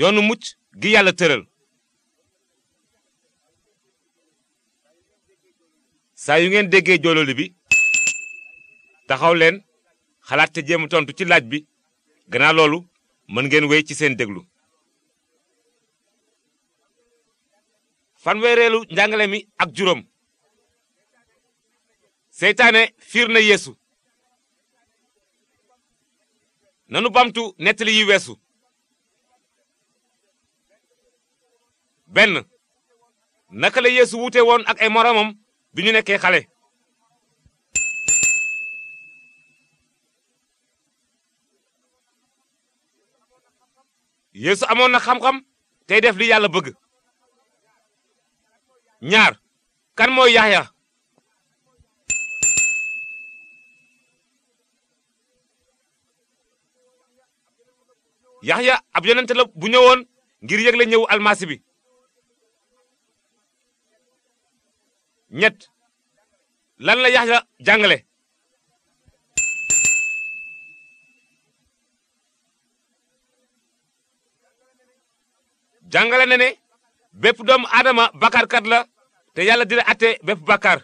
yoonu mucc gi yàlla tëral saa yu ngeen déggee joololi bi taxaw leen xalaat te tontu ci laaj bi gannaaw loolu mën ngeen wéy ci seen déglu fanweereelu njàngale mi ak juróom seytaane fiir na yeesu nanu bamtu nettali yi weesu benn naka la yéesu wuute woon ak ay moromam bi ñu nekkee xale. yeesu amoon na xam-xam tey def li yàlla bëgg. ñaar kan mooy yaxya yaxya ab yonente la bu ñëwoon ngir yëgle ñëw almasi bi ñett lan la yaxya jàngale jàngale na ne bépp doomu aadama bakkaarkat la te yàlla dina atte bépp bakkaar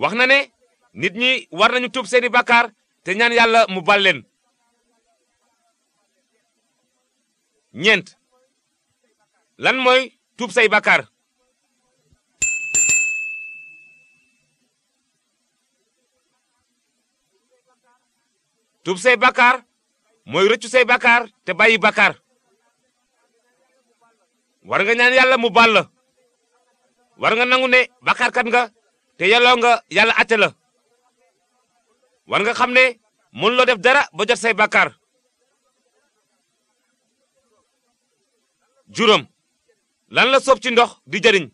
wax na ne nit ñi war nañu tub seeni bakkaar te ñaan yàlla mu bal leen ñeent lan mooy tub say bakar tub say bakkaar mooy rëccu say bakkaar te bàyyi bakkaar war nga ñaan yàlla mu bal la war nga nangu ne bakkaarkat nga te yàlla nga yàlla àtte la war nga xam ne mënuloo def dara ba jot say bakkaar juróom lan la soob ci ndox di jëriñ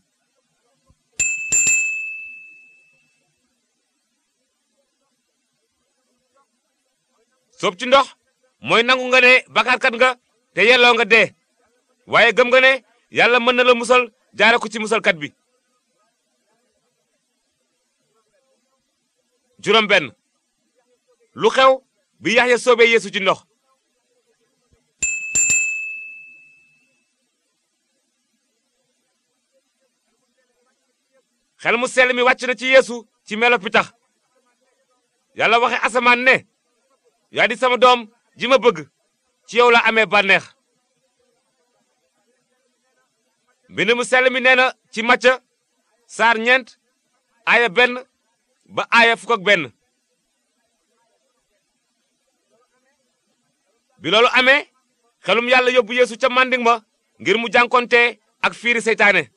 soob ci ndox mooy nangu nga ne bakaarkat nga te yelloo nga dee waaye gëm nga ne yàlla mën na la musal jaare ko ci musalkat bi juróom lu xew bi yaxya soobee yeesu ci ndox xel mu sell mi wàcc na ci yeesu ci melo pitax yàlla waxe asamaan ne yaa sama doom ji ma bëgg ci yow la amee bànneex mbind mu sell mi nee na ci Macca saar ñeent aaya benn ba aaya fukk benn bi loolu amee xelum yàlla yóbbu yéesu ca manding ma ngir mu jànkoonte ak fiiri seytaane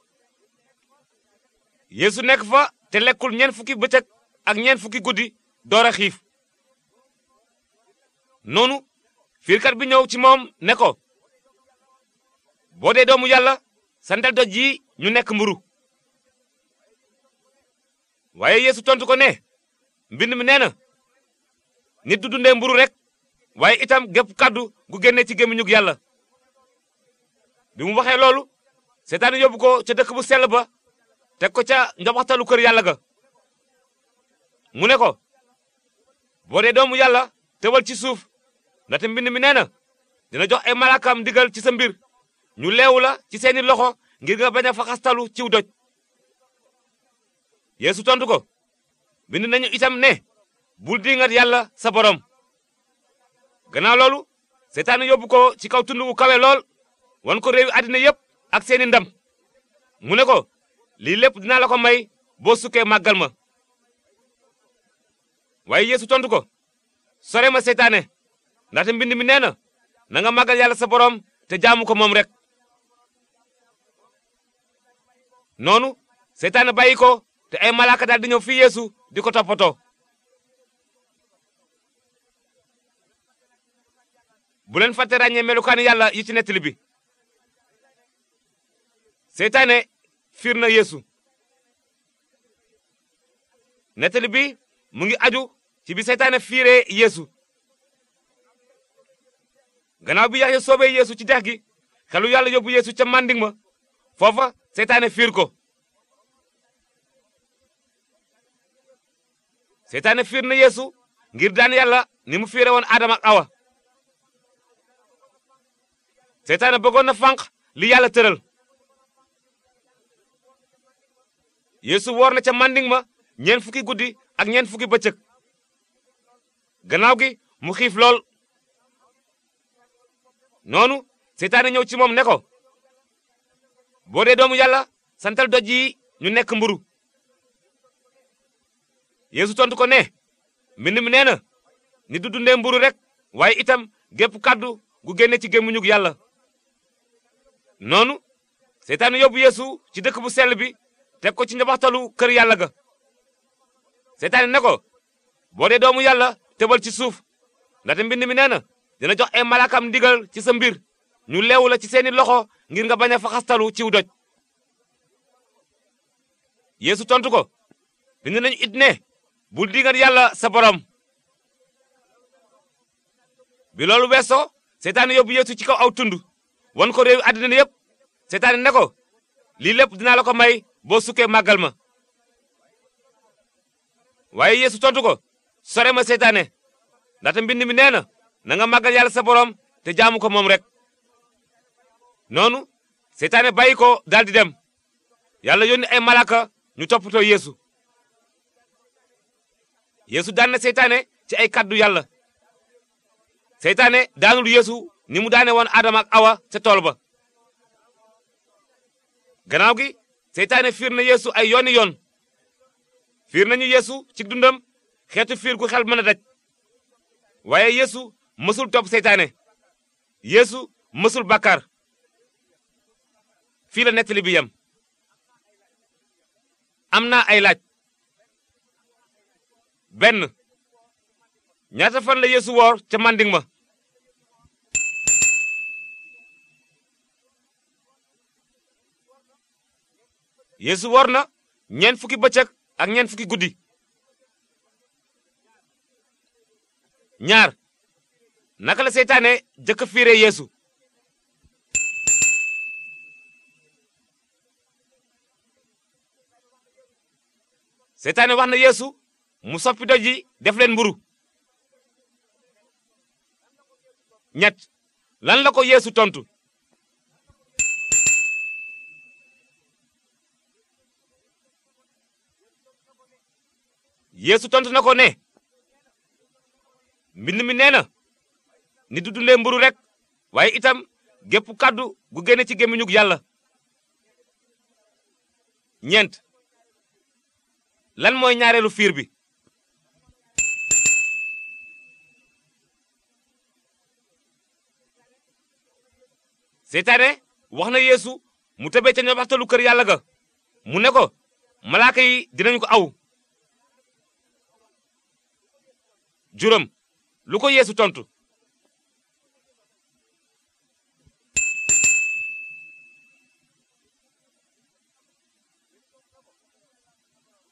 yeesu nekk fa te lekkul ñeent fukki bëccëg ak ñeent fukki guddi door a noonu fiirkat bi ñëw ci moom ne ko boo dee doomu yàlla santal doj yi ñu nekk mburu waaye yeesu tontu ko ne mbind mi nee na nit du mburu rek waaye itam gépp kàddu gu génne ci gémmiñug yàlla bi mu waxee loolu seetaan yóbbu ko ca dëkk bu sell ba teg ko ca njobaxtalu kër yàlla ga mu ne ko boo dee doomu yàlla tëbal ci suuf ndaxte mbind mi nee na dina jox ay malaakaam digal ci sa mbir ñu leewu la ci seeni loxo ngir nga bañ a faxastalu ciw doj yeesu tontu ko bind nañu itam ne bul diingat yàlla sa borom gannaaw loolu seytaan yóbbu ko ci kaw tund wu kawe lool wan ko réewi àddina yépp ak seeni ndam mu ne ko lii lépp dinaa la ko may boo sukkee màggal ma waaye yeesu tontu ko sore ma ndaxte mbind mi nee na na nga yàlla sa boroom te jaamu ko moom rek noonu seytaane bàyyi te ay malaaka daal di ñëw fi yéesu di ko toppatoo bu leen fàtte ràññee melukaani yàlla yi ci nettali bi seytaane fiir na yeesu bi mu ngi aju ci bi seytaane fiiree yeesu ganaaw bi yaxya soobee yéesu ci dex gi xelu yàlla yóbbu yeesu ca màndiŋ ma foofa seytaane fiir ko seytaane fiir na yeesu ngir daan yàlla ni mu fiire woon aadama ak awa seytaane bëggoon na fànq li yàlla tëral yéesu woor na ca màndiŋ ma ñeent fukki guddi ak ñeent fukki bëccëg gannaaw gi mu xiif lool noonu seytaane ñëw ci moom ne ko boo dee doomu yàlla santal doj yi ñu nekk mburu yéesu tontu ko ne mbind mi nee na nit du dundee mburu rek waaye itam gépp kàddu gu génne ci gémmiñu yàlla noonu seytaane yobu yeesu ci dëkk bu sell bi teg ko ci njabaxtalu kër yàlla ga seytaane ne ko boo dee doomu yàlla tëbal ci suuf ndaxte mbind mi nee na dina jox ay malakam ndigal ci sa mbir ñu leewu la ci seeni loxo ngir nga bañ a faxastalu ciw doj yéesu tontu ko bind nañu it ne bul digal yàlla sa borom bi loolu weesoo seytaane yóbbu yeesu ci kaw aw tund wan ko réewi àddina yépp seytaane ne ko lii lépp dinaa la ko may boo sukkee màggal ma waaye yeesu tontu ko sore ma seytaane ndaxte mbind mi nee na na nga màggal yàlla sa borom te jaamu ko moom rek noonu seytaane bàyyi ko daldi dem yàlla yónni ay malaaka ñu toppatoo yéesu yéesu daan na seytaane ci ay kàddu yàlla seytaane daanul yéesu ni mu daane woon aadama ak awa ca tool ba gannaaw gi seytaane fiir na yéesu ay yooni yoon fiir nañu yéesu ci dundam xeetu fiir gu xel mën a daj waaye yeesu mësul topp seytaane yéesu mësul bakar fii la nettali bi yem am na ay laaj benn ñaata fan la yeesu woor ca manding ma yeesu woor na ñeent fukki bëccëg ak ñeent fukki guddi ñaar naka la seytaane jëkk fiire yéesu seytaane wax yéesu mu soppi doj yi def leen mburu ñett lan la ko yéesu tontu yéesu tontu na ko ne mbind mi nee na ni mburu rek waaye itam gépp kàddu gu génne ci gémmiñug yàlla ñeent lan mooy ñaareelu fiir bi seytaane wax na yeesu mu tëbee ca ñobaxtalu kër yàlla ga mu ne ko malaaka yi dinañu ko aw juróom lu ko yéesu tontu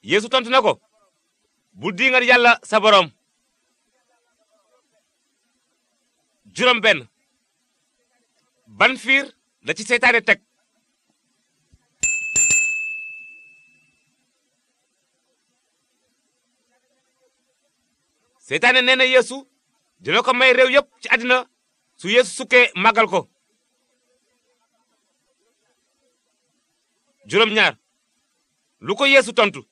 yéesu tontu na ko bul diingat yàlla sa boroom juróom benn ban fiir la ci seytaane teg seytaane nee yéesu yeesu dina ko may réew yépp ci àddina su yeesu sukkee màggal ko juróom ñaar lu ko yéesu tontu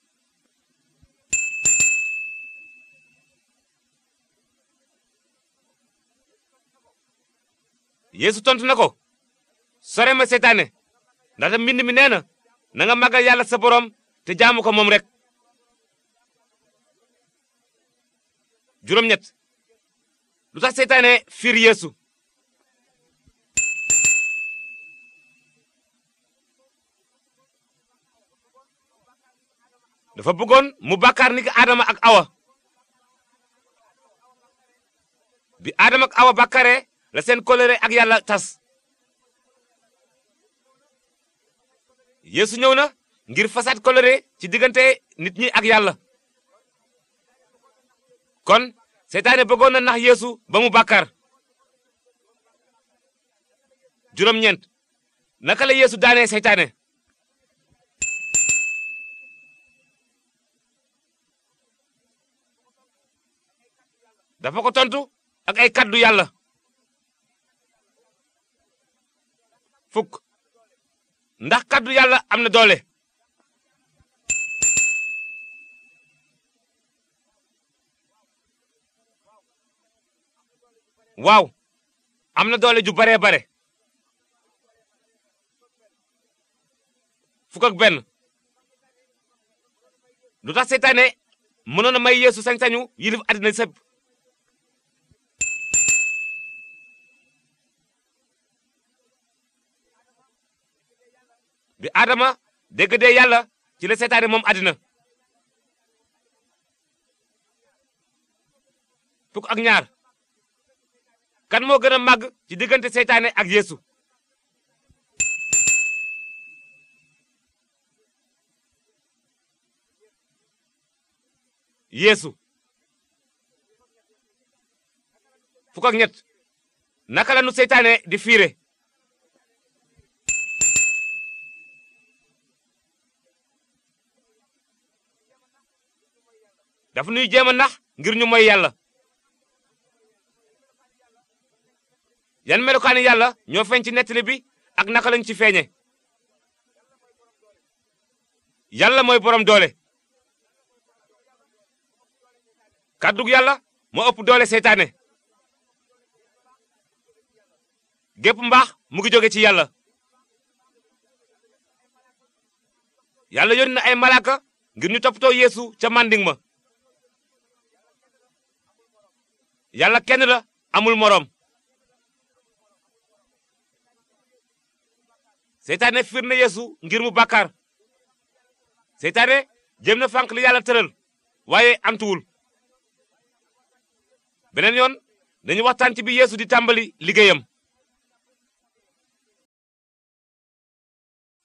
yeesu tontu na ko sore ma seytaane ndaxte mbind mi nee na na nga màggal yàlla sa boroom te jaamu ko moom rek juróom-ñett lu tax seytaane fiir yeesu dafa bëggoon mu bàkkaar ni ki aadama ak awa bi aadama ak awa bàkkaaree la seen kóllëre ak yàlla tas yeesu ñëw na ngir fasat kóllëre ci diggante nit ñi ak yàlla kon seytaane bëggoon na nax yeesu ba mu bàkkaar juróom-ñeent naka la yéesu daanee seytaane dafa tontu ak ay kàddu yàlla fukk ndax kàddu yàlla am na doole waaw am na doole ju baree bare fukk benn lu tax seytaane mënoon a may yeesu sañ-sañu yilif àddina sépp bi aadama dégg dee yàlla ci la seytaane moom àddina fukk ak ñaar kan moo gën a màgg ci diggante seytaane ak yeesu yeesu fukk ak ñett naka la nu seytaane di fiire dafa nuy jéem a nax ngir ñu moy yàlla yan melokaani yàlla ñoo feeñ ci nettali bi ak naka lañ ci feeñe yàlla mooy borom doole kàddug yàlla moo ëpp doole seytaane gépp mbaax mu ngi jóge ci yàlla yàlla yónni na ay malaaka ngir ñu toppatoo yéesu ca manding ma yàlla kenn amul moroom seytaane fir yéesu ngir mu bàkkaar seytaane jëm na fànq li yàlla tëral waaye antuwul beneen yoon dañu waxtaan ci bi yéesu di tàmbali liggéeyam